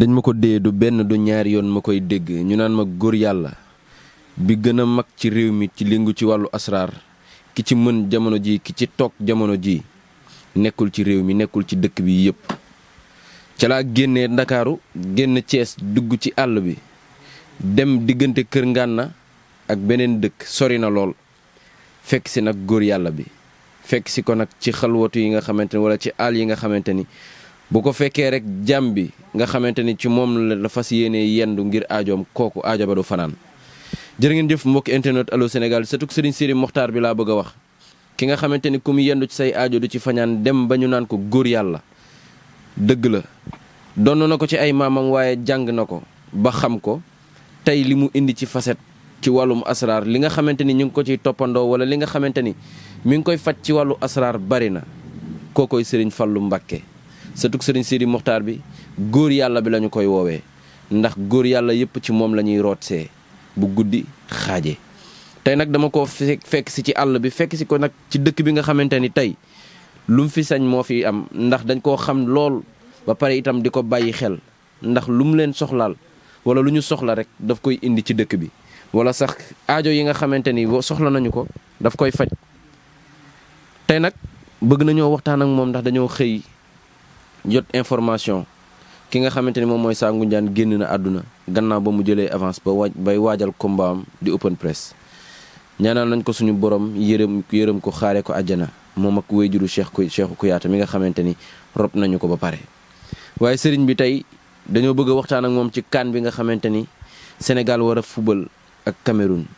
dañ ma ko dee du benn du ñaari yoon ma koy dégg ñu naan ma góor yàlla bi gën a mag ci réew mi ci lingu ci wàllu asraar ki ci mën jamono ji ki ci toog jamono ji nekkul ci réew mi nekkul ci dëkk bi yépp ca génne ndakaaru génn cees dugg ci àll bi dem diggante kër na ak beneen dëkk sori na lool fekk si nag góor yàlla bi fekk si ko nag ci xalwatu yi nga xamante ni walla ci àll yi nga xamante ni bu ko fekkee rek jàmm bi nga xamante ni ci moom la fas yéene yendu ngir aajoom kooku aajo ba du fanaan jërë ngeen jëf mbokk internet Allô Sénégal surtout Serigne Siri Mokhtar bi laa bëgg wax ki nga xamante ni ku yendu ci say aajo du ci fañaan dem ba ñu naan ko góor yàlla dëgg la donn na ko ci ay maamam waaye jàng na ko ba xam ko tey li mu indi ci faset ci wàllum asraar li nga xamante ni ñu ngi ko ciy toppandoo wala li nga xamante ni mi ngi koy faj ci wàllu asraar bari na kookoy Serigne Fallou Mbacké sëtug sëriñ Sidi Muxtaar bi góor yàlla bi lañu koy woowee ndax góor yàlla yépp ci moom lañuy ñuy rootsee bu guddi xaaje tey nag dama ko fekk si ci àll bi fekk si ko nag ci dëkk bi nga xamante ni tey lu mu fi sañ moo fi am ndax dañ koo xam lool ba pare itam di ko bàyyi xel ndax lu mu leen soxlaal wala lu ñu soxla rek daf koy indi ci dëkk bi wala sax aajo yi nga xamante ni soxla nañu ko daf koy faj tey nag bëgg nañoo waxtaan ak moom ndax dañoo xëy jot information ki nga xamante ni moom mooy Sangu Ndiane génn na àdduna gannaaw ba mu jëlee avance ba waaj bay waajal kombaam am di open press ñaanal nañ ko suñu borom yërëm yërëm ko xaare ko àjjana moom ak wéyjuru Cheikh Cheikh Kouyaté mi nga xamante ni rob nañu ko ba pare. waaye sëriñ bi tey dañoo bëgg a waxtaan ak moom ci kan bi nga xamante ni Sénégal war a fubal ak Cameroun.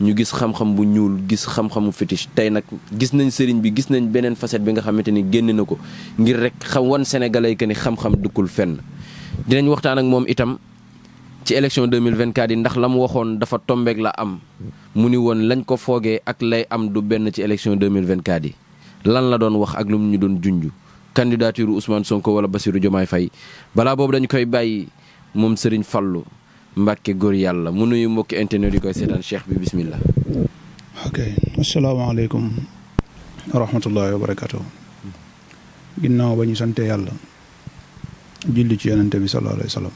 ñu gis xam-xam bu ñuul gis xam-xamu fétiche tey nag gis nañ sëriñ bi gis nañ beneen facette bi nga xamante ni génn na ko ngir rek xam wan sénégalais que ni xam-xam dukkul fenn. dinañ waxtaan ak moom itam ci élection 2024 yi ndax la mu waxoon dafa tombeek la am mu ni woon lañ ko foogee ak lay am du benn ci élection 2024 yi lan la doon wax ak lu mu ñu doon junj. candidature Ousmane Sonko wala Bassirou Diomaye fay balaa boobu dañu koy bàyyi moom Serigne Fallou. Mbacke góor yàlla mu nuyu mbokki internet yi koy seetaan cheikh bi bismillah ok asalaamaaleykum wa rahmatullahi wa barakatuh ginnaaw ba ñu sante yàlla julli ci yonente bi sallallahu alayhi wa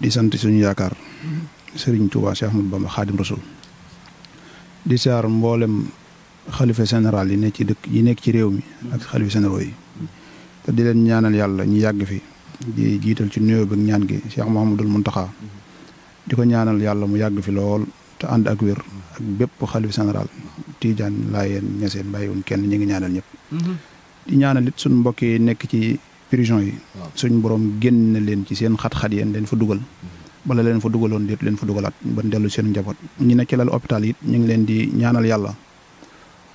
di sant suñu yaakaar Serigne Touba Cheikh Ahmadou Bamba Khadim Rasoul di saar mboolem xalifa général yi nekk ci dëkk yi nekk ci réew mi ak xalifa généraux yi te di leen ñaanal yàlla ñu yàgg fi di jiital ci nuyoo bi ak ñaan gi Cheikh Mouhamadul Mountakha di ko ñaanal yàlla mu yàgg fi lool te ànd ak wér ak bépp xalif général Tidiane Laayeen Ñaseen bàyyiwuñ kenn ñu ngi ñaanal ñëpp di ñaanal it suñ mbokk yi nekk ci prison yi suñ borom génn leen ci seen xat-xat yeen leen fa dugal bala leen fa dugaloon déet leen fa dugalaat ba dellu seen njaboot ñi nekk ci lal hôpital it ñu ngi leen di ñaanal yàlla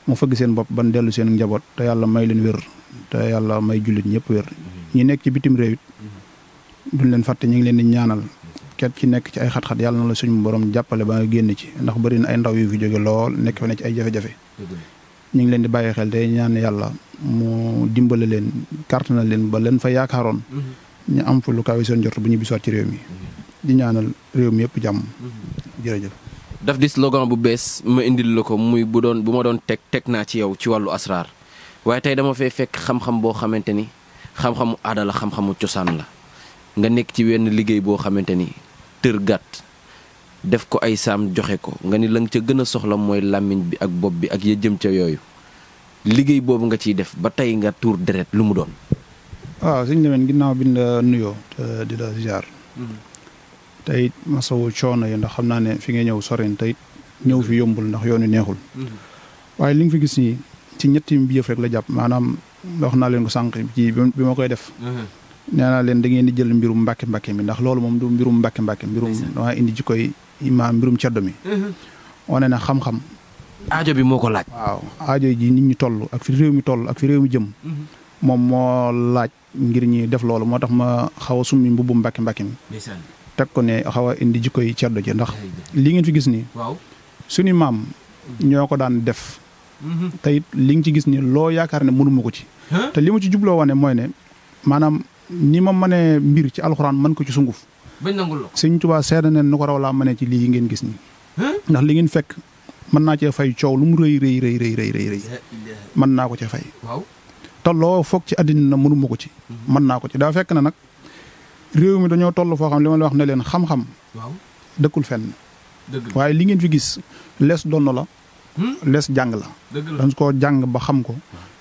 mu fëgg seen bopp ban dellu seen njaboot te yàlla may leen wér te yàlla may ñi nekk ci bitim réew it mm-hmm. duñ leen fàtte ñu ngi leen di ñaanal ket ci nekk ci ay xat-xat yàlla na la suñu borom jàppale ba nga génn ci ndax bëri na ay ndaw yu fi jóge lool nekk fa ne ci ay jafe-jafe mm-hmm. ñu ngi leen di bàyyi xel te ñaan yàlla mu dimbale leen kart na leen ba leen fa yaakaaroon mm-hmm. ñu am fa lu kawe jot bu ñu bisaat ci réew mi di ñaanal réew mi yëpp jàmm jërëjëf daf di slogan bu bees ma indil la ko muy bu doon bu ma doon teg teg naa ci yow ci wàllu asraar waaye tey dama boo xamante ni xam-xamu aada xam-xamu cosaan la nga nekk ci wenn liggéey boo xamante ni tër gàtt def ko ay saam joxe ko nga ni la nga ca gën a soxla mooy làmmiñ bi ak bopp bi ak ya jëm ca yooyu liggéey boobu nga ciy def ba tey nga tuur deret lu mu doon. waaw ah, suñu demee ginnaaw bi la nuyoo di la ziar. Mm-hmm. tey masawu coono yi ndax xam naa ne fi nga ñëw soreen tey ñëw fi yombul ndax yoon wi neexul. Mm-hmm. waaye li nga fi gis nii ci ñetti yëf rek la jàpp maanaam. wax naa leen ko sànq ci bi ma koy def. nee naa leen da di jël mbirum mbàkke mbàkke mi loolu moom du mbirum mbàkke mbàkke mbirum dama indi ji koy mbirum ceddo mi. wane na xam-xam. aajo bi moo ko laaj. waaw aajo ji nit ñi toll ak fi réew mi toll ak fi réew mi jëm. moom moo laaj ngir ñi def loolu moo tax ma xawa a summi mbubbu mbàkke mbàkke mi. teg ko ne xawa indi jikkoy ceddo ji ndax. li ngeen fi gis nii. waaw suñu maam ñoo ko daan def. te it li nga ci gis ni loo yaakaar ne mënuma ko ci te li ma ci jubloo wane mooy ne maanaam ni ma mënee mbir ci alxuraan mën ko ci sunguf bañ nangul la sëñ Tuubaa seede neen nu ko raw laa mënee ci lii ngeen gis ni ndax li ngeen fekk mën naa cee fay coow lu mu rëy rëy rëy rëy rëy rëy rëy mën naa ko cee fay te loo foog ci àddina mënuma ko ci hmm. mën naa ko ci daa fekk na nag réew mi dañoo toll foo xam li ma la wax ne leen xam-xam dëkkul fenn waaye li ngeen fi gis lees doon la lees jàng la. dañ koo jàng ba xam ko.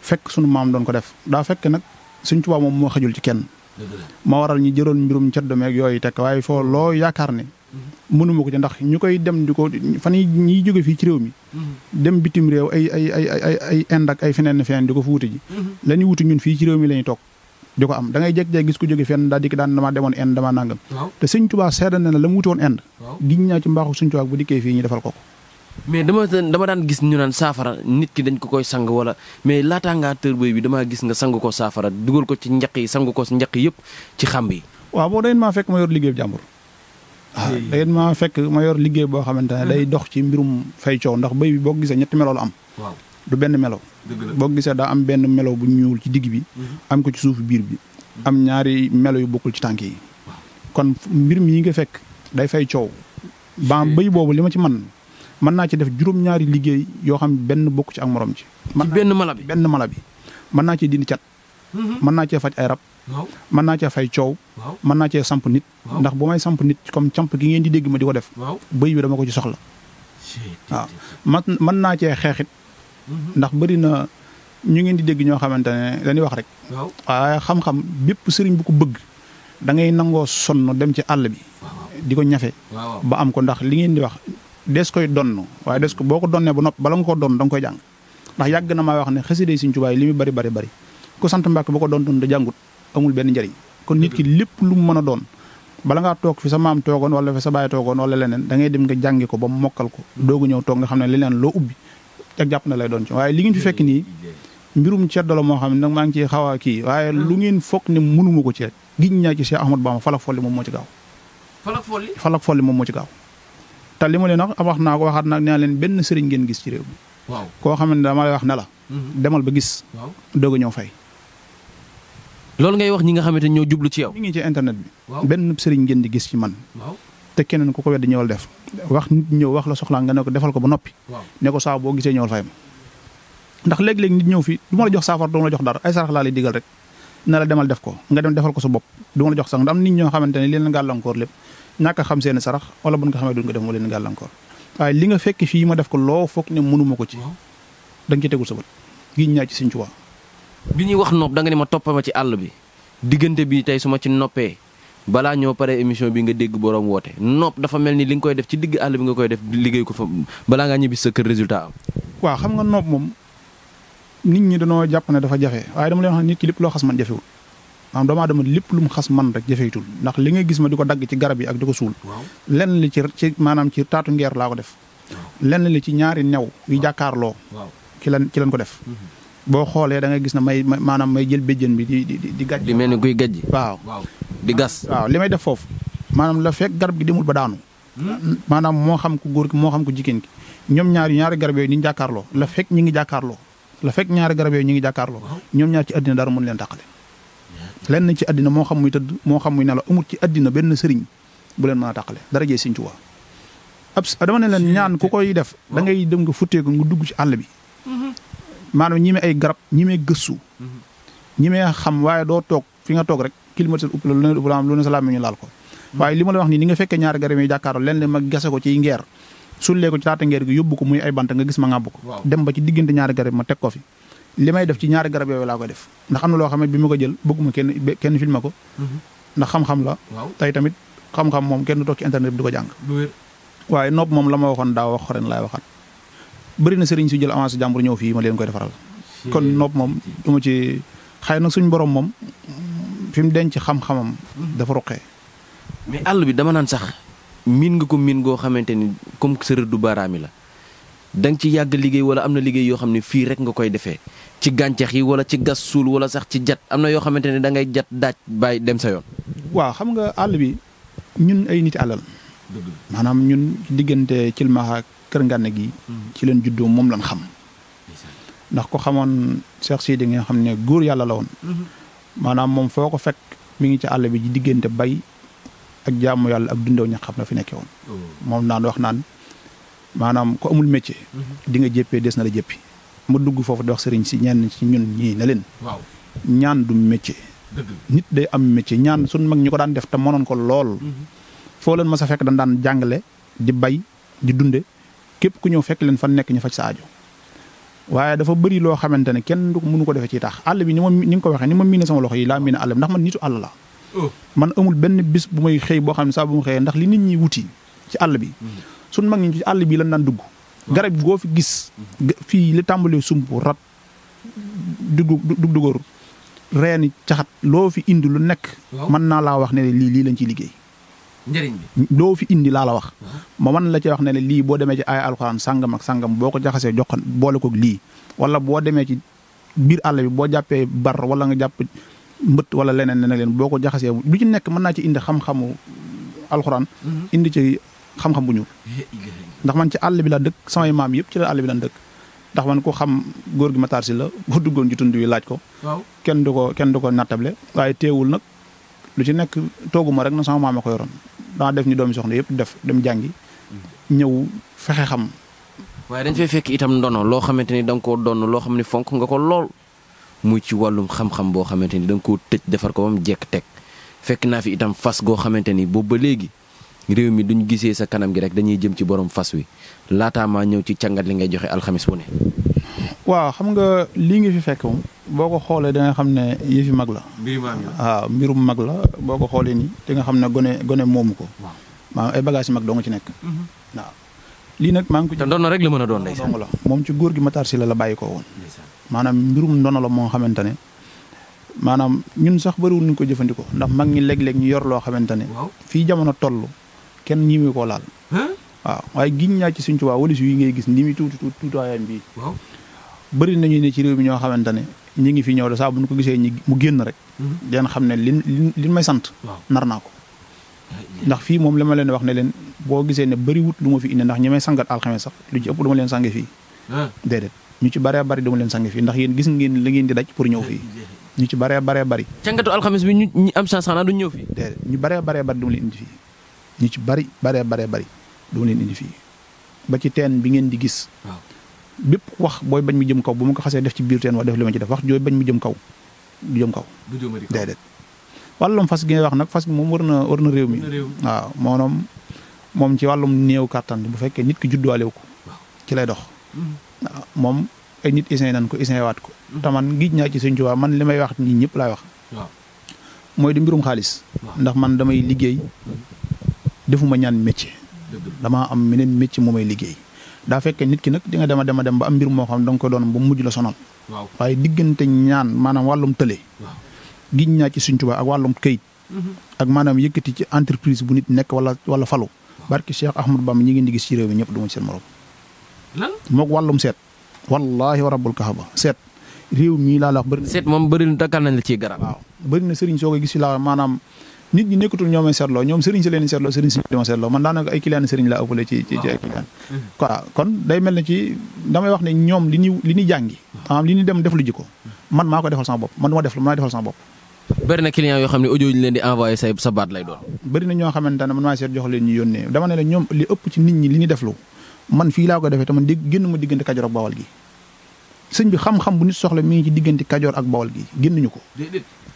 fekk sunu maam doon ko def daa fekk nag suñ Tuubaa moom moo xajul ci kenn. ma waral ñu jëloon mbirum ceddo meeg yooyu tekk waaye foo loo yaakaar ne. Mhm. mënuma ko ci ndax ñu koy dem di ko fan yii ñiy jóge fii ci réew mi. Mhm. dem bitim réew ay ay ay ay ay ind ay feneen feneen di ko fa mhm. wuti ñun fii ci réew mi la ñuy toog. di ko am da ngay jékki-jékki gis ko daan damaa demoon ind damaa nangam. te Sëñ Tuubaa seedal na ne la mu wuti woon ind. giñ naa ci mbaaxu Sëñ Tuubaa bu dikkee fii ñu defal ko mais dama dama daan gis ñu naan saafara nit ki dañ ko koy sang wala mais laataa ngaa tër bëy bi damaa gis nga sang ko saafara dugal ko ci njaq yi sang ko njaq yëpp ci xàmb yi. waaw boo dangeen maa fekk ma yor liggéey jàmbur. waaw ah, dangeen maa fekk ma yor liggéey boo xamante ne day uh-huh. dox ci mbirum fay coow ndax bëy bi boo gisee ñetti melo am. waaw du benn melo. boo gisee daa am benn melo bu ñuul ci digg bi. Uh-huh. am ko ci suufu biir bi. Uh-huh. am ñaari melo yu bokkul ci tànk yi. kon mbir yi nga fekk day fay coow. ba bëy boobu li ma ci man mën naa ci def juróom-ñaari liggéey yoo xam benn bokk ci ak moroom ci. ci benn mala bi benn mala bi mën naa cee dindi cat. Mhm. mën naa cee faj ay rab. mën naa cee fay coow. mën naa cee samp nit. ndax bu may samp nit comme camp gi ngeen di dégg ma di ko def. bëy bi dama ko ci soxla. waaw man mën naa cee xeexit mhm. ndax bëri na ñu ngeen di dégg ñoo xamante ne dañuy wax rek. waaye xam-xam bépp sëriñ bu ko bëgg dangay ngay nangoo sonn dem ci àll bi. di ko ñafe. ba am ko ndax li ngeen di wax des koy donn waaye des ko boo ko donnee ba noppi bala nga ko donn da nga koy jàng ndax yàgg na maa wax ne xasida yi Sëriñ li muy bari bari bari ku sant Mbàkke ba ko doon doon da jàngut amul benn njëriñ kon nit ki lépp lu mu mën a doon bala ngaa toog fi sa maam toogoon wala fi sa baay toogoon wala leneen da ngay dem nga jàngi ko ba mu mokkal ko doogu ñëw toog nga xam ne leneen loo ubbi ak jàpp na lay doon ci waaye li ngeen fi fekk nii mbirum ceddo la moo xam ne nag maa ngi ciy xaw a kii waaye lu ngeen foog ne ko ci rek ñaa ci Cheikh Ahmad Bamba falak folli moom moo ci gaaw falak folli moom moo ci gaaw te li ma leen wax wax naa ko waxaat nag nee leen benn sëriñ ngeen gis ci réew mi. waaw koo xam ne dama wax ne la. Mhm. demal ba gis. waaw doog a ñëw fay. loolu ngay wax ñi nga xamante ñoo jublu ci yow. ñu ngi ci internet bi. benn sëriñ ngeen di gis ci man. te keneen ku ko wedd ñëwal def. wax nit ñëw wax la soxlaa nga ne ko defal ko ba noppi. ne ko saa boo gisee ñëwal ma. ndax léeg-léeg nit ñëw fii du ma la jox saafara du ma la jox dara ay sarax laa lay digal rek na la demal def ko nga dem defal ko sa bopp du ma la jox sax ndax am nit ñoo xamante ne li leen gàllankoor lépp ñàkk a xam seen sarax wala bu nga xamee duñ ko def mu leen gàllankoor waaye li nga fekk fii ma def ko loo foog ne mënuma ko ci da nga ci tegul sa bët gi ñaa ci Sëñ Tuubaa bi ñuy wax nopp da nga ne ma toppama ci àll bi diggante bi tey su ma ci noppee balaa ñoo pare émission bi nga dégg boroom woote nopp dafa mel ni li nga koy def ci digg àll bi nga koy def liggéey ko fa balaa ngaa ñibbi sa kër résultat am waaw xam nga nopp moom nit ñi dañoo jàpp ne dafa jafe waaye dama wax nit ki lépp loo xas man jafewul maanaam doomu aadama lépp lu mu xas man rek jafeytul ndax li ngay gis ma di ko dagg ci garab yi ak di ko suul lenn li ci ci maanaam ci taatu ngeer laa ko def lenn li ci ñaari new yu jàkkaarloo ci lan ci lan ko def mhm. boo xoolee da nga gis na may maanaam may jël béjjën bi di di di gàjj di mel ni kuy gàjj waaw di gas waaw li may def foofu maanaam la fekk garab gi demul ba daanu hmm? maanaam moo xam ku góor ki moo xam ku jigéen ki ñoom ñaari ñaari garab yooyu ñu ngi jàkkaarloo la fekk ñu ngi jàkkaarloo la fekk ñaari garab ñu ngi jàkkaarloo ñoom ñaar ci àddina dara mën leen tàqale lenn ci àddina moo xam muy tëdd moo xam muy nelaw amul ci àddina benn sëriñ bu leen mën a tàqale dara jee Sëriñ Tuubaa ab dama ne leen ñaan ku koy def da ngay dem nga futteeku nga dugg ci àll bi mm-hmm. maanaam ñi mee ay garab ñi mee gëstu mm-hmm. ñi mee xam waaye doo toog fi nga toog rek climatiseur upp la lu ne upp la ñu laal ko mm-hmm. waaye li ma la wax nii ni nga fekkee ñaari garab yi jàkkaaroo leen ma gase ko ci ngeer sullee ko ci taata ngeer gi yóbbu ko muy ma ci diggante ñaari garab ma teg ko fi li may def ci ñaari garab yooyu laa ko def ndax am na loo xam ne bi ma ko jël bëgguma kenn kenn filmé ko mhm. ndax xam-xam la tey tamit xam-xam moom kenn du ci internet bi di ko jàng waaye nopp moom la ma waxoon daa wax ren laay waxaat bëri na sëriñ si jël avance jàmbur ñëw fii ma leen koy defaral kon nopp moom du ma ci xëy nag suñ boroom moom fi mu denc xam-xamam mhm. dafa ruqee mais àll bi dama naan sax miin nga ko miin goo xamante ni comme sa rëddu baaraami la da ci yàgg liggéey wala am na liggéey yoo xam ne fii rek nga koy defee ci gàncax yi wala ci gas suul wala sax ci jat am na yoo xamante ne dangay ngay jat daaj bàyyi dem sa yoon. waa xam nga àll bi ñun ay nit àllal. maanaam ñun diggante Cilmaxa Kër Ngane gi. Hmm. ci leen juddoo moom lañ xam. ndax ko xamoon Cheikh Sidi nga xam ne góor yàlla la woon. Hmm. maanaam moom foo ko fekk mu ngi ci àll bi ci diggante bay ak jaamu yàlla ak dundaw ñax xam na fi nekk woon. Oh. moom maanaam ku amul métier. Mhm. dinga nga jéppee des na la jéppi. ma dugg foofu di wax sëriñ si ñenn ci ñun ñii ne leen. waaw ñaan du métier. nit day am métier ñaan suñ mag ñu ko daan def te mënoon ko lool. Mhm. foo leen ma sa fekk dañ daan jàngale di bay di dunde képp ku ñëw fekk leen fan nekk ñu faj sa aajo waaye dafa bëri loo xamante ne kenn du mënu ko defe ci tax àll bi ni ma ni nga ko waxee ni ma miine sama loxo yi laa miine àll bi ndax man nitu àll la oh. man amul benn bis bu may xëy boo xam ne saa bu ma xëyee ndax li nit ñi wuti ci àll bi. Mhm. suñ mag ñi ci àll bi lan daan dugg garab goo fi gis fii li tàmbalee sump rat dugg dugóor reeni caxat loo fi indi lu nekk mën naa laa wax ne lii lii lañ ciy liggéey njëriñ loo fi indi laa la wax ma mën la ci wax ne ne lii boo demee ci ay alxuraan sàngam ak sàngam boo ko jaxasee jox boole koog lii wala boo demee ci biir àll bi boo jàppee bar wala nga jàpp mbëtt wala leneen ne nag leen boo ko jaxasee lu ci nekk mën naa ci indi xam-xamu alxuraan mm-hmm. indi xam-xam bu ñuul ndax man ci àll bi laa dëkk samay maam yëpp ci la àll bi lan dëkk ndax man ko xam góor gi Matar si la boo duggoon ci tund wi laaj ko kenn du ko kenn du ko nattable waaye teewul nag lu ci nekk tooguma rek na sama maam ko yoroon daa def ñu doomi soxna yëpp def dem jàngi ñëw fexe xam waaye dañ fay fekk itam ndono loo xamante ni da koo donn loo xam ne fonk nga ko lool muy ci wàllum xam boo xamante ni da nga koo defar ko ba mu teg fekk naa fi itam fas goo xamante ni boobu ba léegi réew mi duñ gisee sa kanam gi rek dañuy jëm ci borom fas wi laataa maa ñëw ci càngat li ngay joxe alxamis bu ne. waaw xam nga lii nga fi fekk boo ko xoolee danga xam ne yëfi mag la. waaw mbirum mag la boo ko xoolee nii di nga xam ne gone gone moomu ko. maanaam ay bagages yu mag doo nga ci nekk. Mhm. waaw lii nag maa ngi ko. te ndono rek la a doon ndeysaan la moom ci góor gi Matar si la la bàyyi ko woon. maanaam mbirum ndono la moo xamante ne maanaam ñun sax bëriwul ñu ko jëfandikoo ndax mag ñi léeg-léeg ñu yor loo xamante ne. fii jamono toll kenn ñimi koo laal waaw waaye giñ ñaa ci Sëñ Tuubaa walis yi ngay gis ni mi tuuti tuuti tuutaayam bii bëri nañu ne ci réew mi ñoo xamante ne ñi ngi fi ñëw de saa bu ñu ko gisee ñi mu génn rek mhm. den xam ne li li may sant nar naa ko ndax fii moom li ma leen wax ne leen boo gisee ne bari wut lu ma fi indi ndax ñi may sangat alxames sax lu ci ëpp du ma leen sange fii déedéet ñu ci baree bari du ma leen sange fii ndax yéen gis ngeen li ngeen di daj pour ñëw fii ñu ci baree baree bari càngatu alxames bi ñu am chance xanaa duñ ñëw fii ñu baree baree bari du leen indi fii ñu ci bari baree baree bari dama leen indi fii ba ci teen bi ngeen di gis bépp wax booy bañ mu jëm kaw bu ma ko xasee def ci biir teen wax def li ma ci def wax jooy bañ mu jëm kaw du jëm kaw déedéet wàllum fas gi ngay wax nag fas gi moom war na war na réew mi waaw moonoom moom ci wàllum néew kàttan bu fekkee nit ki judduwaalew ko ci lay dox mm-hmm. waaw moom ay nit isin nan ko isin waat ko mm-hmm. te man giij naa ci Sëñ Tuubaa man li may wax nit ñëpp laay wax mooy di mbirum xaalis ndax man damay liggéey mm-hmm. defuma ñaan métier damaa am meneen métier moo may liggéey daa fekkee nit ki nag di nga dema dema dem ba am mbir moo xam da nga ko doon ba mujj la sonal waaye diggante ñaan maanaam wàllum tële giñ naa ci Sëñ Tuubaa ak wàllum kayit mm-hmm. ak maanaam yëkkati ci entreprise bu nit nekk wala wala falu barki Cheikh Ahmadou Bamba ñi ngeen di gis ci réew mi ñëpp du ma seen morom mook wàllum seet wallaahi wa laa la wax bëri na seet moom bëri na takkal nañ la ciy garab waaw bëri na sëriñ soo koy gis si laa maanaam nit ñi nekkatul ñoom ay seetloo ñoom sëriñ si leen seetloo sëriñ si dima seetloo man daanaka ay client sëriñ la ëppale ci ci ay client mm-hmm. quoi kon day mel ne ci damay wax ne ñoom li ñu li ñuy jàngi maanaam li ñuy dem def lu ji ko man maa ko defal sama bopp man du ma def maa defal sama bopp bëri na yoo xam ne audio leen di envoyé say sa baat lay doon bëri na ñoo xamante ne man maa jox leen ñu yónnee dama ne la ñoom li ëpp ci nit ñi li ñuy deflu man fii laa ko defee te man dégg génn ma diggante Kajoor ak Bawol bi xam-xam bu nit soxla mi ngi ci diggante Kajoor ak Bawol gi génn ñu ko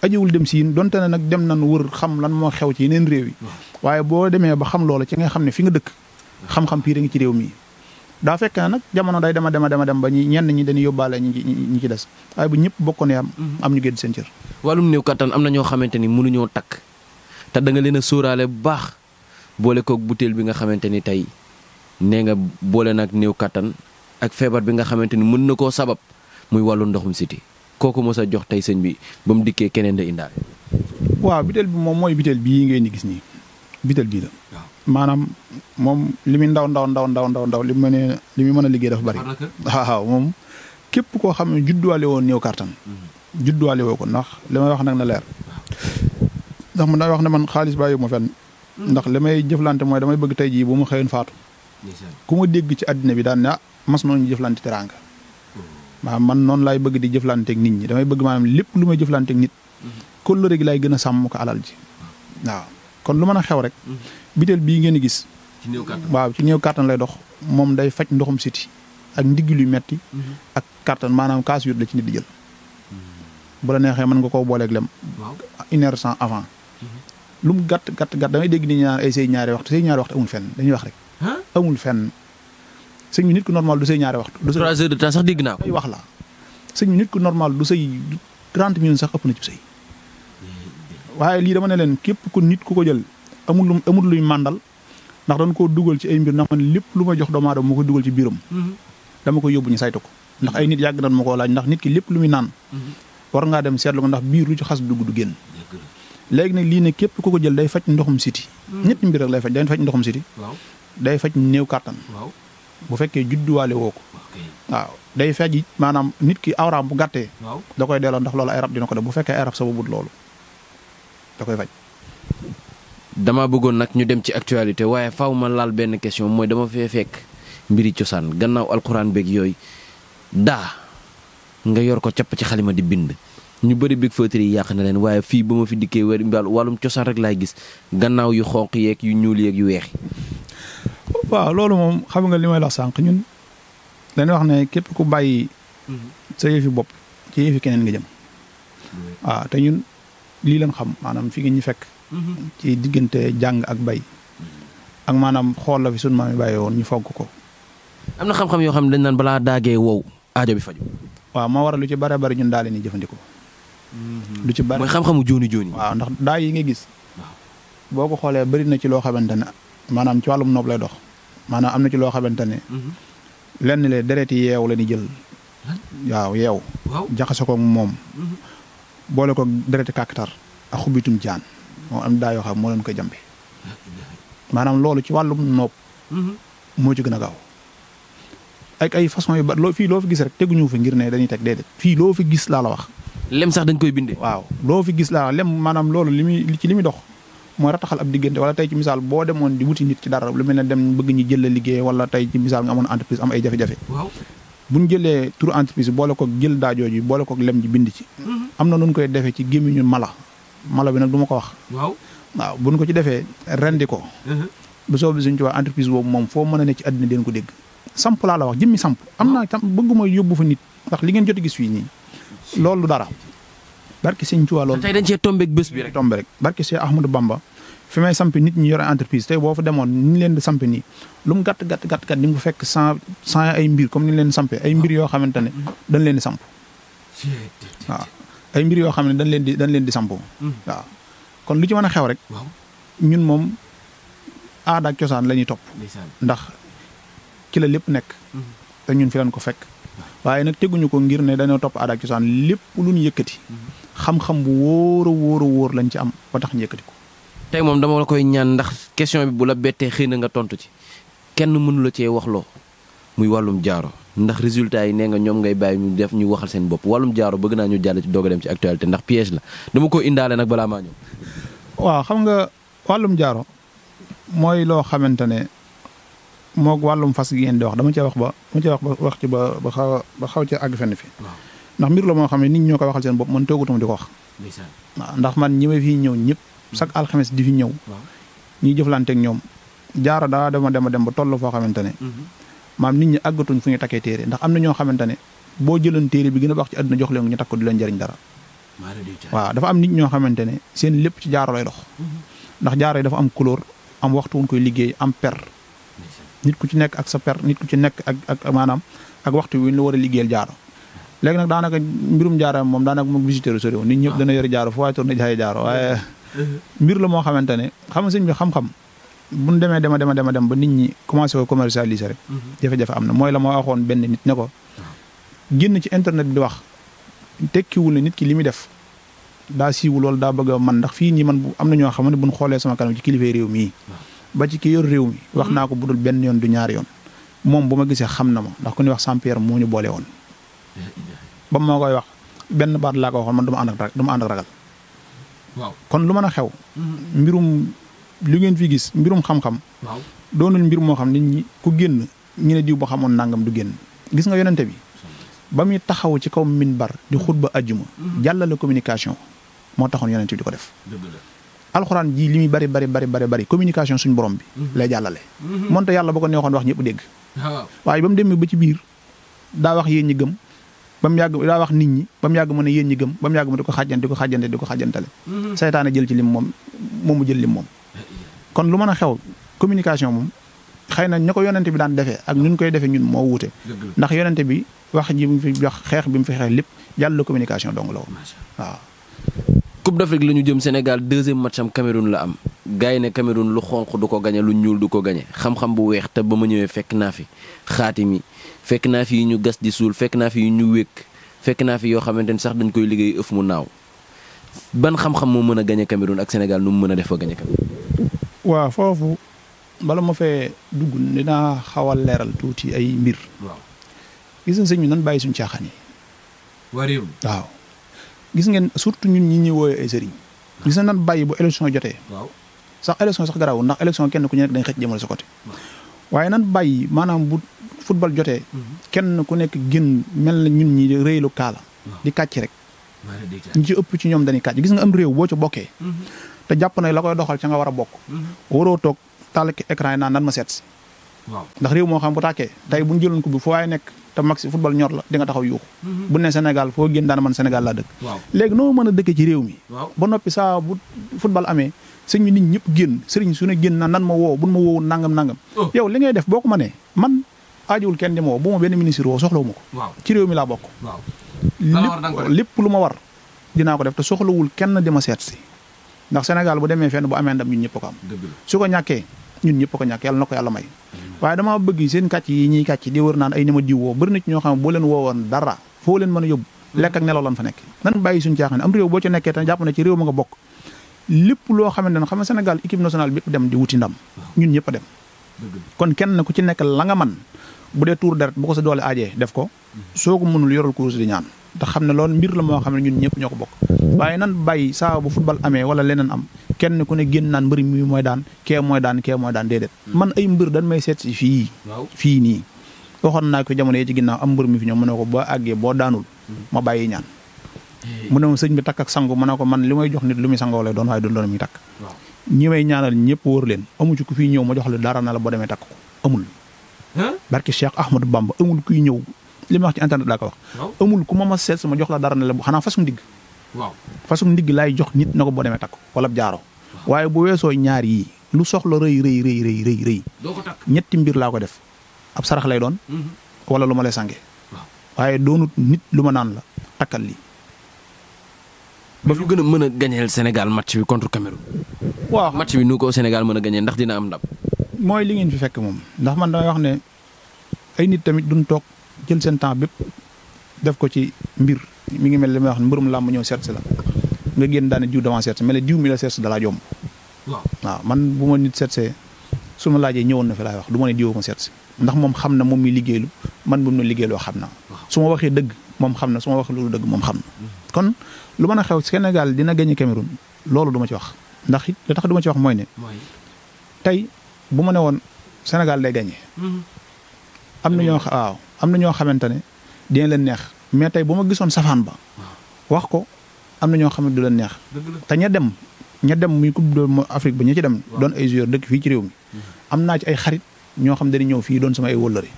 ajowul dem si yéen donte ne nag dem nañ wër xam lan moo xew ci yeneen réew yi waaye boo demee ba xam loola ci nga xam ne fi nga dëkk xam-xam pii nga ci réew mi daa fekk na nag jamono day dem dema dema dem ba ñi ñenn ñi dañuy yóbbaale ñi ci des waaye bu ñëpp bokkoon am mhm. am ñu génn seen cër wàllum néew kattan am na ñoo xamante ni mënuñoo takk te da nga leen a sóoraale bu baax boole koog butéel bi nga xamante ni tey nee nga boole nag néew kattan ak feebar bi nga xamante ni mën na koo sabab muy wàllu ndoxum siti kooku mos a jox tey sëñ bi ba mu dikkee keneen da indaale. waaw bitel bi moom mooy bitel bii ngeen di gis nii bitel bii la. maanaam moom li muy ndaw ndaw ndaw ndaw ndaw ndaw li mu mën a li muy mën a liggéey dafa bari. waaw moom képp koo xam ne judduwaale woon néew kartan mm-hmm. judduwaale woo ko ndax li may wax nag na leer. ndax man damay wax ne man xaalis bàyyi ma fenn. Mm-hmm. ndax li may jëflante mooy damay bëgg tey jii bu ma xëyoon faatu. ku ma dégg ci àddina bi daan ne ah mas noonu jëflante teraanga maanaam man noonu laay bëgg di jëflanteeg nit ñi damay bëgg maanaam lépp lu may jëflanteeg nit mhm. kóllëre gi gën a sàmm ko alal ji waaw kon lu mën a xew rek mhm. biteel bii ngeen gis waaw ci néew kàttan lay dox moom day faj ndoxum siti ak ndigg lu metti mhm. ak kàttan maanaam kaas yut la ci nit di jël bu la neexee mën nga koo booleeg lem une heure avant lu mu gàtt gàtt gàtt damay dégg nit ñi ay say ñaari waxtu say ñaari waxtu amul fenn dañuy wax rek amul fenn sëñ bi nit ku normal du sëy ñaari waxtu. du sëy trois heures de temps sax dégg naa ko. wax la sëñ bi nit ku sax ëpp na ci sëy waaye lii dama ne leen képp ku nit ku ko jël amul lu amul luy màndal ndax dañ koo dugal ci ay mbir ndax man lépp lu ma jox doomu aadama mu ko dugal ci biiram. Mhm. dama ko yóbbu ñu saytu ko. ndax mhm. ay nit yàgg na ma koo laaj ndax nit ki lépp lu muy naan. Mhm. war ngaa dem seetlu ko ndax biir lu ci xas dugg du génn. léegi nag lii ne képp ku ko jël day faj ndoxum siti ñetti mbir rek lay faj day faj ndoxum siti day faj néew kàttan bu fekkee judduwaale woo ko waaw day feji maanaam nit ki awraam bu gàttee da koy delloo ndax loolu ay rab dina ko def bu fekkee ay rab sababut loolu da koy faj dama bëggoon nag ñu dem ci actualité waaye faaw ma laal benn question mooy dama fee fekk mbiri cosaan gannaaw alxuraan beeg yooyu daa nga yor ko capp ci xalima di bind ñu bëri big feutre yàq na leen waaye fii ba ma fi dikkee wér wàllum cosaan rek laay gis gannaaw yu xonq yeek yu ñuul yeeg yu weexi waaw loolu moom xam nga li may la sànq ñun dañuy wax ne képp ku bàyyi mm-hmm. sa yëfi bopp ci yëfi keneen nga jëm waaw te ñun lii leen xam maanaam fi ngeen ñu fekk mm-hmm. ci diggante jàng ak bay mm-hmm. ak maanaam xool la fi sunu maam yi bàyyi woon ñu fogg ko am na xam-xam yoo xam ne dañ naan balaa daagee wow aajo bi faju waaw moo waral lu ci bare bari ñun daal ni jëfandikoo lu ci bare mooy xam-xamu jooni ndax daa yi nga gis boo ko xoolee bari na ci loo xamante ne maanaam ci wàllum noob lay dox maanaam am na ci loo xamante ne. Mhm. lenn le deret yi yeew la ni jël. waaw yeew. waaw jaxase ko moom. Mhm. boole ko dereti kàkkatar ak xubbitum jaan moom am daa yoo xam moo leen koy jambi maanaam loolu ci wàllum noob. Mhm. moo ci gën a gaaw. ak ay façon yu bari loo fii loo fi gis rek fi ngir ne dañuy teg déedéet. fii loo fi gis laa la wax. lem sax dañ koy bindee. waaw loo fi gis laa lem maanaam loolu li muy ci li muy dox. mooy rataxal ab diggante wala tey ci misaal boo demoon di wuti nit ci dara lu mel ne dem bëgg ñu jël la liggéey wala tey ci misaal nga amoon entreprise am ay jafe-jafe bu ñu jëlee turu entreprise boole ko jël daajoo ji boole ko lem ji bind ci mm-hmm. am na nun koy defee ci gémmiñu mala mala bi nag du ko wax waaw waaw buñ ko ci defee rendi ko mm-hmm. bu soobee suñ ci waa entreprise boobu moom foo mën a ne ci àddina den ko dégg samp laa la wax jëmmi samp am naa tam bëgg mooy yóbbu fa nit ndax li ngeen jot a gis fii nii loolu dara barki sëñ Tuubaa loolu. tey dañ cee tombé bés bi rek. tombé rek barki Cheikh Ahmadou Bamba fi may samp nit ñi yore entreprise tey boo fa demoon ni ñu leen di samp nii lu mu gàtt gàtt gàtt kat di nga fekk sans sans ay mbir comme ni ñu leen sampee ay mbir yoo ne dañ leen di samp. waaw ay mbir yoo xam ne dañ leen di dañ leen di samp. waaw kon lu ci mën a xew rek. ñun moom aada ak cosaan la ñuy topp. ndax ci lépp nekk. Mm-hmm. te ñun fi lañ ko fekk. waaye nag teguñu ko ngir ne dañoo topp aada ak cosaan lépp lu ñu yëkkati. Mm-hmm. xam-xam bu wóor a wóor a lañ ci am ba tax njëkkati ko. tey moom dama la koy ñaan ndax question bi bu la bettee xëy na nga tontu ci kenn mënu la cee loo muy wàllum jaaro ndax résultat yi nee nga ñoom ngay bàyyi ñu def ñu waxal seen bopp wàllum jaaro bëgg naa ñu jàll ci doog a dem ci actualité ndax piège la dama ko indaale nag balaa maa ñëw. waaw xam nga wàllum jaaro mooy loo xamante ne moog wàllum fas gi ngeen di wax dama cee wax ba dama cee wax ba wax ci ba ba ba xaw ci àgg fenn fi. ndax mbir la moo xam ne nit ñoo ko waxal seen bopp man toogutuma di ko wax ndax man ñi ma fii ñëw ñëpp chaque hmm. alxemes di fi ñëw ñuy jëflanteeg ñoom jaaro daa dama dema dem ba toll foo xamante ne hmm. maam nit ñi àggatuñ fu ñu takkee téere ndax am na ñoo xamante ne boo jëloon téere bi gën a baax ci àdduna jox ñu takk ko du leen jëriñ dara waaw dafa am nit ñoo xamante ne seen lépp ci jaaro lay dox hmm. ndax jaara yi dafa am couleur am waxtu wuñ koy liggéey am per nit ku ci nekk ak sa per nit ku ci nekk ak ak maanaam ak waxtu wi ñu la war a liggéeyal jaaro léegi nag daanaka mbirum jaara moom daanaka moom visiteur soriw nit ñëpp ah. dana yori jaaro fu waaye tourné jaay jaaro waaye ah. mbir la moo xamante ne xam nga sëñ bi xam-xam bu ñu demee dema dema dema dem ba nit ñi commencé ko commercialiser rek mhm. jafe-jafe am na mooy la ma waxoon benn nit ne ko génn ci internet bi di wax tekkiwul ne nit ki li muy def daa siiwu loolu daa bëgg a man ndax fii nii man bu am na ñoo xam ne nu xoolee sama kanam ci kilifay réew mii ah. ba ci ki yor réew mi wax mhm. naa ko bu dul benn yoon du ñaari yoon moom bu ma gisee xam na ma ndax ku ñuy wax Sampierre moo ñu boole woon eh, eh. ba moo koy wax benn baat laa ko xam man du ma ànd ak ragal. waaw kon lu mën a xew. Mm-hmm. mbirum lu ngeen fi gis mbirum xam-xam. waaw doonul mbir moo xam ni ñi ku génn ñu ne diw boo xamoon nangam du génn gis nga yonente bi. ba muy taxaw ci kaw bar di xutba ajjuma. Mm-hmm. jàllale communication moo taxoon yonente bi di ko def. alxuraan jii li muy bari bari bari bari bari communication suñ borom bi. Mm-hmm. lay jàllale. moonte yàlla ba ko neexoon wax ñëpp dégg. waaye ba mu demee ba ci biir daa wax yéen ñi gëm. ba mu yàgg daa wax nit ñi ba mu yàgg mu ne yéen ñi gëm ba mu yàgg mu di ko xàjjante di ko xàjjante di ko xàjjantale mm-hmm. saytaane jël ci lim moom moomu jël lim moom kon lu mën a xew communication moom xëy na ña ko yonente bi daan defee ak ñun koy defee ñun moo wuute ndax yonente bi wax ji mu fi wax xeex bi mu fi xeex lépp jàll communication dong la woon waaw Coupe d'Afrique la ñu jëm Sénégal deuxième match am Cameroun la am gars yi ne Cameroun lu xonq du ko gañe lu ñuul du ko gañe xam-xam bu weex te ba ma ñëwee fekk naa fi xaatimi fekk naa fi yu ñu gas di suul fekk naa fi yu ñu wékk fekk naa fi yoo xamante ni sax dañ koy liggéey ëf mu naaw ban xam-xam moo mën a gañe Cameroun ak senegal nu mu mën a def ba gañe Cameroun. waaw foofu bala ma fee dugg dinaa xaw a leeral tuuti ay mbir. waaw gis nga sëñ bi bàyyi suñu caaxaan yi. waa ngeen surtout ñun ñi ñuy woowee ay sëriñ. gis nga nan bàyyi bu élection jotee. waaw sax élection sax garaawul ndax élection kenn ku ñu nekk dañ xëcc jëmale sa côté. waaye nan bàyyi maanaam bu futbal jotee. Mhm. kenn ku nekk génn mel na ñun ñi réylu kaala. di kàcc rek. ñu ci ëpp ci ñoom dañuy kàcc gis nga am réew boo ci bokkee. Mhm. te jàpp na la koy doxal ca nga war a bokk. Mhm. waroo toog tàll ki yi naan nan ma seet si. waaw ndax réew moo xam bu tàkkee tey bu ñu jëloon ko bi fu waaye nekk. te maxi football ñor la di nga taxaw yuuxu mhm. bu ne Sénégal foo génn daana man Sénégal laa dëkk léegi noo mën a dëkkee ci réew mi ba noppi saa bu football amee sëñ bi nit ñëpp génn sëriñ su ne génn na nan ma woow buñ ma woowu nangam nangam oh. yow li ngay def boo ko ma nee man aajowul kenn di ma woo bu ma benn ministre woo soxlawu ko ci réew mi laa bokk lépp lu ma war dinaa ko def te soxlawul kenn di ma seet si ndax Sénégal bu demee fenn bu amee ñëpp am su ko ñàkkee ñun ñëpp ko ñàkk yàlla na ko yàlla may waaye damaa bëgg seen kàcc yi ñuy kàcc di wër naan ay ni ma diw woo bëri na ci ñoo xam ne boo leen woowoon dara foo leen mën a yóbbu lekk ak nelaw lan fa nekk nan bàyyi suñu caaxaan am réew boo ci nekkee tan jàpp na ci réew ma nga bokk lépp loo xamante ne xam nga Sénégal équipe nationale dem di wuti ndam ñun ñëpp a dem kon kenn ku ci nekk la nga man bu dee tour deret bu ko sa doole aajee def ko soo ko mënul yorul course di ñaan te xam ne loolu mbir la moo xam ne ñun ñëpp ñoo ko bokk waaye nan bàyyi saa bu football amee wala leneen am kenn ku ne génn naan mbari mi mooy daan kee mooy daan kee mooy daan déedéet hmm. man ay mbër may seet si fii nii waxoon naa ko jamono yi ci ginnaaw am mbër mi fi ñoom mu ne ko boo àggee boo daanul hmm. ma bàyyi ñaan mu ne ma sëñ bi takk ak sangu ma ne ko man li may jox nit lu muy sangoo lay doon waaye du loolu muy takk ñi may ñaanal ñëpp wóor leen amu ci ku fii ñëw ma jox la dara na la boo demee takk ko amul barki Cheikh Ahmadou Bamba amul kuy ñëw li ma wax ci internet laa ko wax. amul ku ma ma seet sama jox la dara na la xanaa fasum ndigg. waaw fasum ndigg laay jox nit na ko boo demee takk wala jaaro. waaye bu weesoo ñaar yii lu soxla rëy rëy rëy rëy rëy rëy. doo ko takk ñetti mbir laa ko def ab sarax lay doon. Mm-hmm. wala lu ma lay sange. waaye doonut nit lu ma naan la takkal lii. ba fi gën a mën a gañeel senegal match bi contre Cameroun. waaw wi bi nu ko Sénégal mën a gañeel ndax dina am ndam. mooy li ngeen fi fekk moom ndax man damay wax ne ay nit tamit duñ toog. jël seen temps bépp def ko ci mbir mi ngi mel li may wax mbërum làmb ñëw seet si la nga génn daane diw devant seet si mel ne diw mi la seet si dalaa jomb waaw man bu ma nit seet see su ma laajee ñëwoon na fi laay wax du ma ne diw ma seet si ndax moom xam na moom mi liggéeylu man bu mu ne liggéeyloo xam na su ma waxee dëgg moom xam na su ma waxee loolu dëgg moom xam na hmm. kon lu mën a xew senegal dina gañe Cameroun loolu du ma ci wax ndax li tax du ma ci wax mooy ne tey bu ma ne woon Sénégal day gañe am na ñoo waaw am na ñoo xamante ne dina leen neex mais tey bu ma gisoon safaan ba wax ko am na ñoo xam ne du leen neex te ña dem ña dem muy coupe du Afrique ba ñu ci dem doon ay joueur dëkk fii ci réew mi mmh. am naa ci ay xarit ñoo xam dañuy ñëw fii doon sama ay wëllëre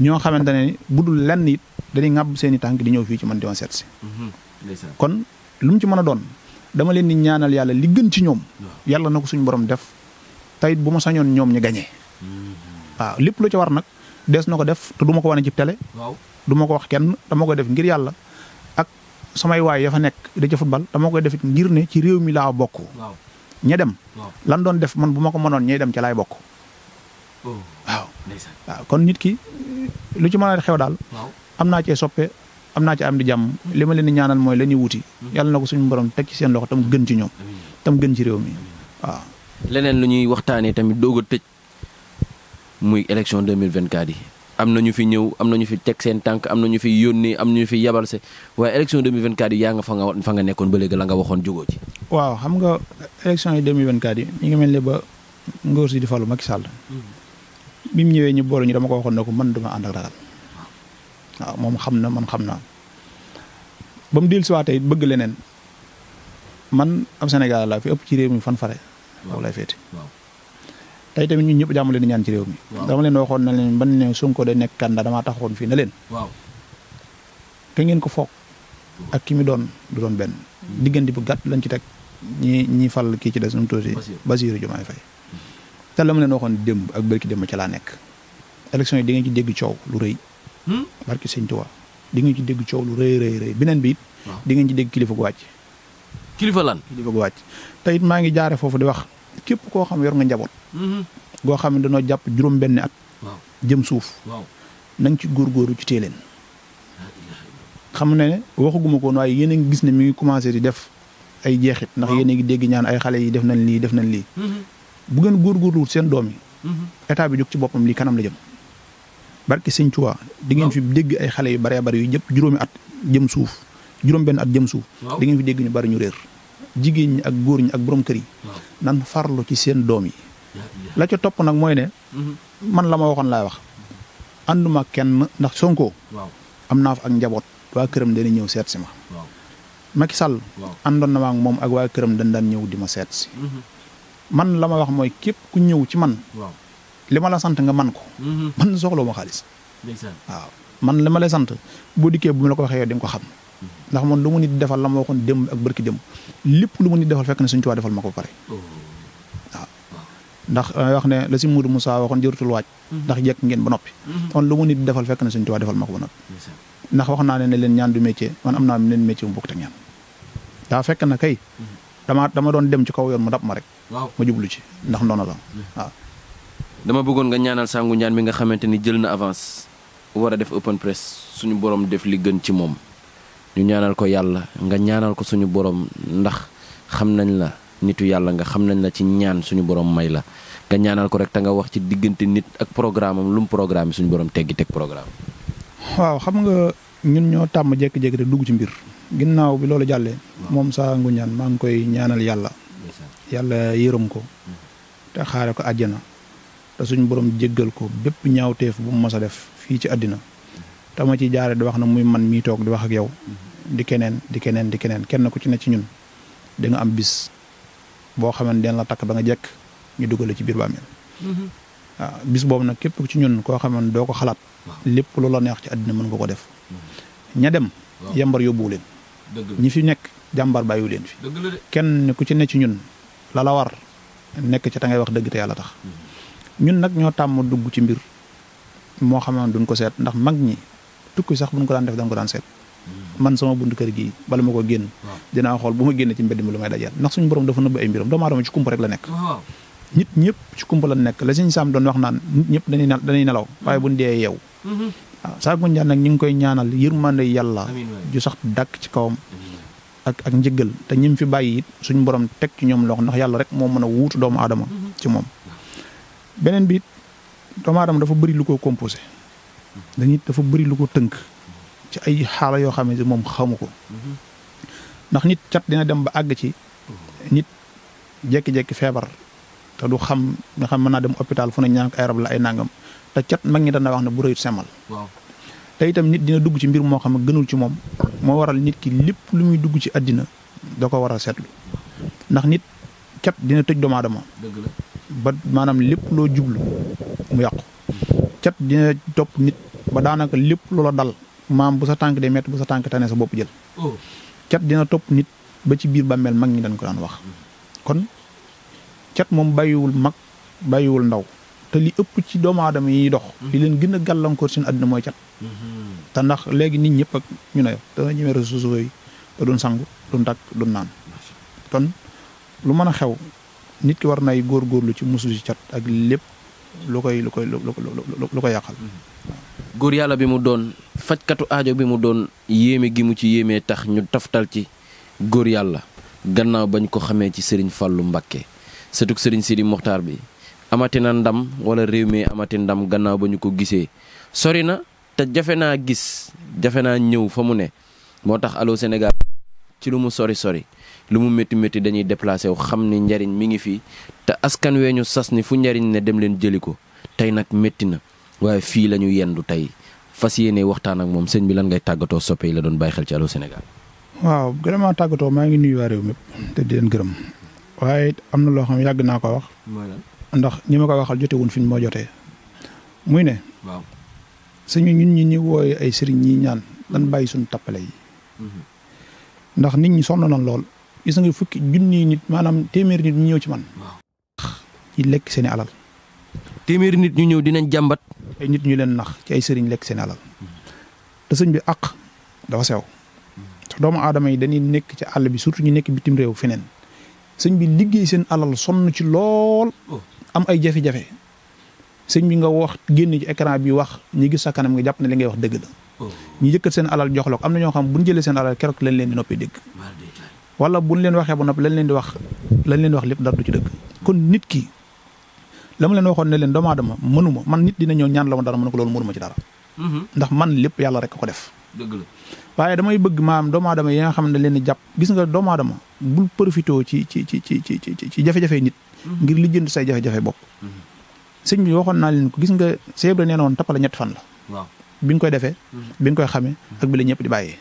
ñoo xamante ne bu dul lenn it dañuy ŋàbb seen i tànk di ñëw fii ci man di ma seet si mmh. kon lu mu ci mën a doon dama leen di ñaanal yàlla li gën ci ñoom yàlla na ko suñu boroom def tey bu ma sañoon ñoom ñu gañee mmh. waaw lépp dees na ko def te du ko wane ci télé. du ma ko wax kenn dama koy def ngir yàlla ak samay waay ya fa nekk da ca football dama koy defit ngir ne ci réew mi laa bokk. waaw ña dem. lan doon def man bu ma ko mënoon ñay dem ca laay bokk. Oh. waaw. kon nit ki lu ci mën xew daal. am naa cee soppe am naa ci am di jàmm li ma leen di ñaanal mooy la ñuy wuti. Hmm. yàlla na ko suñu borom teg ci seen loxo tam gën ci ñoom. tam gën ci réew mi waaw. leneen lu ñuy waxtaanee tamit doog tëj. muy élection 2024 yi am na ñu fi ñëw am na ñu fi teg seen tànk am na ñu fi yónnee am na ñu fi yabal se waaye élection 2024 yi yaa nga fa nga fa nga nekkoon ba léegi la nga waxoon jógoo ci. waaw xam nga élection yi 2024 yi ñu ngi mel ne ba ngóor si di falu Macky Sall. Hmm. bi mu ñëwee ñu boole ñu dama ko waxoon ne ko man duma ànd ak ragal. waaw moom xam na man xam naa ba mu dellusiwaatee bëgg leneen man am Sénégal laa fi fan fare. tey tamit ñun ñëpp jàmm leen ñaan ci réew mi. dama leen waxoon na leen ban ne Sonko day nekk candidat damaa taxawoon fii na leen. waaw ka ko fook ak ki mi doon du doon benn. Hmm. diggante bu gàtt lañ ci teg ñi ñi fal ki ci des nu mu tuuti. Basirou Diomaye Faye hmm. te la ma leen waxoon démb ak bërki démb ci laa nekk. élection yi di ngeen ci dégg coow lu rëy. Hmm? barki sëñ Tuubaa di ngeen ci dégg coow lu rëy rëy beneen bi it. di ngeen ci dégg kilifa gu wàcc. kilifa lan kilifa gu wàcc ngi jaare foofu di wax képp koo xam yor nga njaboot. Mm-hmm. goo xam ne dañoo jàpp juróom benn at. jëm suuf. na ci góor góorgóorlu ci tee leen. xam ne waxaguma koon woon waaye yéen gis ne mu ngi commencé di def ay jeexit. ndax yéen a ngi dégg ñaan ay xale yi def nañ lii def nañ lii. Mm-hmm. bu ngeen góorgóorluwul seen doom yi. Mm-hmm. état bi jóg ci boppam li kanam la jëm. barke Sëñ Tuubaa di ngeen fi dégg ay xale yu bare bari yu jëpp juróomi at jëm suuf juróom benn at jëm suuf. di fi dégg ñu bari ñu réer. jigéen ñi ak góor ñi ak boroom kër yi. nan farlu ci seen doom yi. la ca topp nag mooy ne. Mm-hmm. man la ma waxoon laay wax. ànduma kenn ndax Sonko. am naa fa ak njaboot waa këram dana ñëw seet si ma. Macky na ma moom ak waa këram dañ daan ñëw di ma seet mm-hmm. man la ma wax mooy képp ku ñëw ci man. li ma la sant nga man ko. Mm-hmm. man soxla ma xaalis. waaw man li ma lay sant boo dikkee bu ma la ko waxee yow ko xam. ndax man lu ma nit defal la ma waxoon dem ak barki démb lépp lu ma nit defal fekk na suñu Tuubaa defal ma ko ba pare oh. waaw ndax euh, wax ne la si Muudu Moussa waxoon jërutul waaj mm-hmm. ndax jekk ngeen ba noppi mm-hmm. kon lu ma nit defal fekk na suñu Tuubaa defal ma ko wax naa ne leen ñaan du métier man am naa leen métier na kay mm-hmm. dama dama doon dem ci kaw yoon mu dab ma rek ma jublu ci ndax noonu la waaw dama bëggoon nga ñaanal Sangu Ndiane mi nga xamante ni jël na avance war a def open press suñu borom def li gën ci moom ñu ñaanal ko yàlla nga ñaanal ko suñu borom ndax xam nañ la nitu yàlla nga xam nañ la ci ñaan suñu borom may la nga ñaanal ko rek te nga wax ci diggante nit ak programme am lu programme suñu borom teggi teg programme. waaw xam nga ñun ñoo tàmm jékki-jékki rek dugg ci mbir. ginnaaw bi loolu jàllee. moom Sa Ngoundiane maa ngi koy ñaanal yàlla. yàlla yërëm ko. Mm-hmm. te xaare ko àjjana. te suñu borom jéggal ko bépp ñaawteefu bu mu mës a def fii ci àddina te ma ciy jaare di wax na muy man mii toog di wax ak yow di keneen di keneen di keneen kenn ku ci ne ci ñun di nga am bis boo xamante den la takk ba nga jekk ñu dugale ci biir bàmmeel waaw mm-hmm. ah, bis boobu nag képp ci ñun koo xamante doo ko xalaat lépp lu la neex ci àddina mën nga ko def mm-hmm. ña dem yambar yóbbuwu leen ñi fi nekk jàmbar bàyyiwu leen fi kenn ku ci nekk ci ñun la la war nekk ci te ngay wax dëgg yàlla tax mm-hmm. ñun nag ñoo tàmm dugg ci mbir moo xamante duñ ko seet ndax mag ñi tukki sax bu ñu ko daan def dañ ko daan seet man sama buntu kër gi bala ma ko génn dinaa xool bu ma génn ci mbedd mi lu may dajal ndax suñu borom dafa nëbb ay mbiram doomu aadama ci kumpa rek la nekk nit ñëpp ci kumpa la nekk la sëñ Sam doon wax naan nit ñëpp nelaw waaye buñ dee yeew mm-hmm. waaw saako nag ñu ngi koy ñaanal yërmande yàlla ju sax dàkk ci kawam ak ak te ñim fi bàyyi it suñu borom teg ci ñoom loxo ndax yàlla rek moo mën a wuutu doomu aadama mm-hmm. ci moom beneen bi doomu aadama dafa bëri lu ko composé dañuy dafa bari lu ko tënk ci ay xaala yoo xam ne moom xamu ko ndax nit cat dina dem ba àgg ci nit jekki-jekki feebar te du xam nga xam mën naa dem hôpital fu ne ñaan ay rab la ay nangam te cat mag ñi dana wax ne bu rëyut semal te itam nit dina dugg ci mbir moo xam ne gënul ci moom moo waral nit ki lépp lu muy dugg ci àddina da ko war a seetlu ndax nit cat dina tëj doomu aadama ba maanaam lépp loo jublu mu yàqu cat dina topp nit ba daanaka lépp loola dal maam bu sa tànk dee métti bu sa tànk tane sa bopp jël. Oh. cat dina topp nit ba ci biir bàmmeel mag ñi dañ ko daan wax. kon cat moom bàyyiwul mag bàyyiwul ndaw te li ëpp ci doomu aadama yi dox. li leen gën a gàllankoor seen àdduna mooy cat. te ndax léegi nit ñëpp ak ñu ne dana ñemee réseaux sociaux yi te duñ sangu duñ takk duñ naan. kon lu mën a xew nit ki war nay góorgóorlu ci musu ci cat ak lépp. lu koy lu koy lu lu ko yàqal. góor yàlla bi mu doon fajkatu aajo bi mu doon yéeme gi mu ci yéemee tax ñu taftal ci góor yàlla gannaaw bañ ko xamee ci sëriñ Fallou Mbakke sëtuk sëriñ Sidi Mokhtar bi amati na ndam wala réew mi amati ndam gannaaw ba ñu ko gisee sori na te jafe naa gis jafe naa ñëw fa mu ne moo tax Allô Sénégal ci lu mu sori sori. lu mu métti métti dañuy déplacé wu xam ni njariñ mi ngi fii te askan wee ñu sas ni fu njariñ ne dem leen jëli ko tey nag métti na waaye fii la ñu yendu tey fas yéene waxtaan ak moom sëñ bi lan ngay tàggatoo soppe yi la doon bàyyi xel ci Allô Sénégal. waaw vraiment tàggatoo maa ngi nuyu waa réew mi te di leen gërëm waaye am na loo xam yàgg naa ko wax. ndax ñi ma ko waxal jote wuñ fi ñu moo jotee. muy ne. waaw suñu ñun ñi ñu wooyee ay sëriñ ñi ñaan lan bàyyi suñu tappale yi. Mhm. ndax nit ñi sonn nañ lool. gis nga fukki junni nit maanaam téeméeri nit ñu ñëw ci man. ci lekk seen alal. téeméeri nit ñu ñëw dinañ jàmbat. ay nit ñu leen nax ci ay sëriñ lekk seen alal. te sëñ bi àq dafa sew. te doomu adama yi dañuy nekk ci àll bi surtout ñu nekk bitim réew feneen. sëñ bi liggéey seen alal sonn ci lool. Oh. am ay jafe-jafe. sëñ bi nga wax génn ci écran bi wax ñu gis sa kanam nga jàpp ne li ngay wax dëgg la. Oh. ñu yëkkat seen alal jox la ko am na ñoo xam bu ñu jëlee seen alal keroog lañ leen di noppee dégg. wala buñ leen waxee ba noppi lañ leen di wax lañ leen di wax lépp dara du ci dëgg kon nit ki la ma leen waxoon ne leen doomu aadama mënuma man nit dina ñëw ñaan la ma dara mënu ko loolu mënuma ci dara mm-hmm. ndax man lépp yàlla rek ko def dëgg la waaye damay bëgg maanaam doomu aadama yi nga xam ne leen jàpp gis nga doomu aadama bul profité ci ci ci ci ci ci jafe-jafe nit mm-hmm. ngir lijjanti say jafe-jafe bopp mm-hmm. sëñ bi waxoon naa leen ko gis nga seebre nee na woon tappale ñetti fan la bi nga koy defee bi nga koy xamee ak ñëpp di bàyyee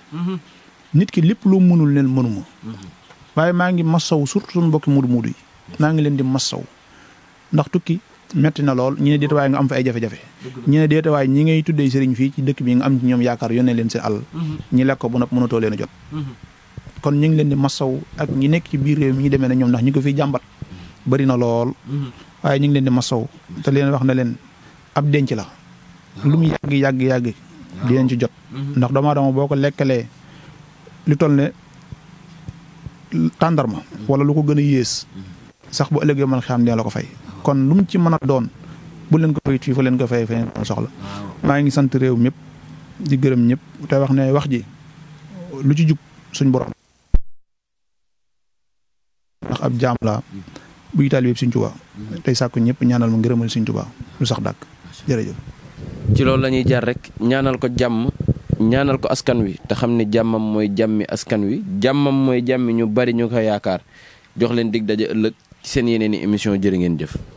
nit ki lépp loo mënul leen mënuma mhm. waaye maa ngi massaw surtout suñu mbokki mudu mudu yi maa ngi leen di massaw ndax tukki metti na lool ñi ne déeta waaye nga am fa ay jafe-jafe ñi ne waaye ñi ngay tuddee sëriñ fii ci dëkk bi nga am ci ñoom yaakaar yónnee leen seen àll mhm. ñi lekk ko bu nopp mënatoo leen a jot mhm. kon ñu ngi leen di massaw ak ñi nekk ci biir réew mi ñu demee ne ñoom ndax ñu ko fiy jàmbat bari na lool waaye ñu ngi leen di massaw te leen wax na leen ab denc la lu mu yàgg yàgg yàgg dinañ ci jot ndax doomu aadama boo ko lekkalee li toll ne tàndarma wala lu ko gën a yées sax bu ëllëgee man xam ne la ko fay kon lu mu ci mën a doon bu leen ko fay fii fa leen ko fay feneen soxla maa ngi sant réew mépp di gërëm ñëpp te wax ne wax ji lu ci jub suñ borom ndax ab jaam laa buy taalibe yëpp suñ Tuubaa tey sàkku ñëpp ñaanal ma ngërëmal suñ Tuubaa lu sax dàkk jërëjëf ci loolu lañuy jar rek ñaanal ko jàmm ñaanal ko askan wi te xam ne jàmmam mooy jàmmi askan wi jàmmam mooy jàmmi ñu bari ñu ko yaakaar jox leen dig daje ëllëg ci seen yeneen i émission jërë ngeen jëf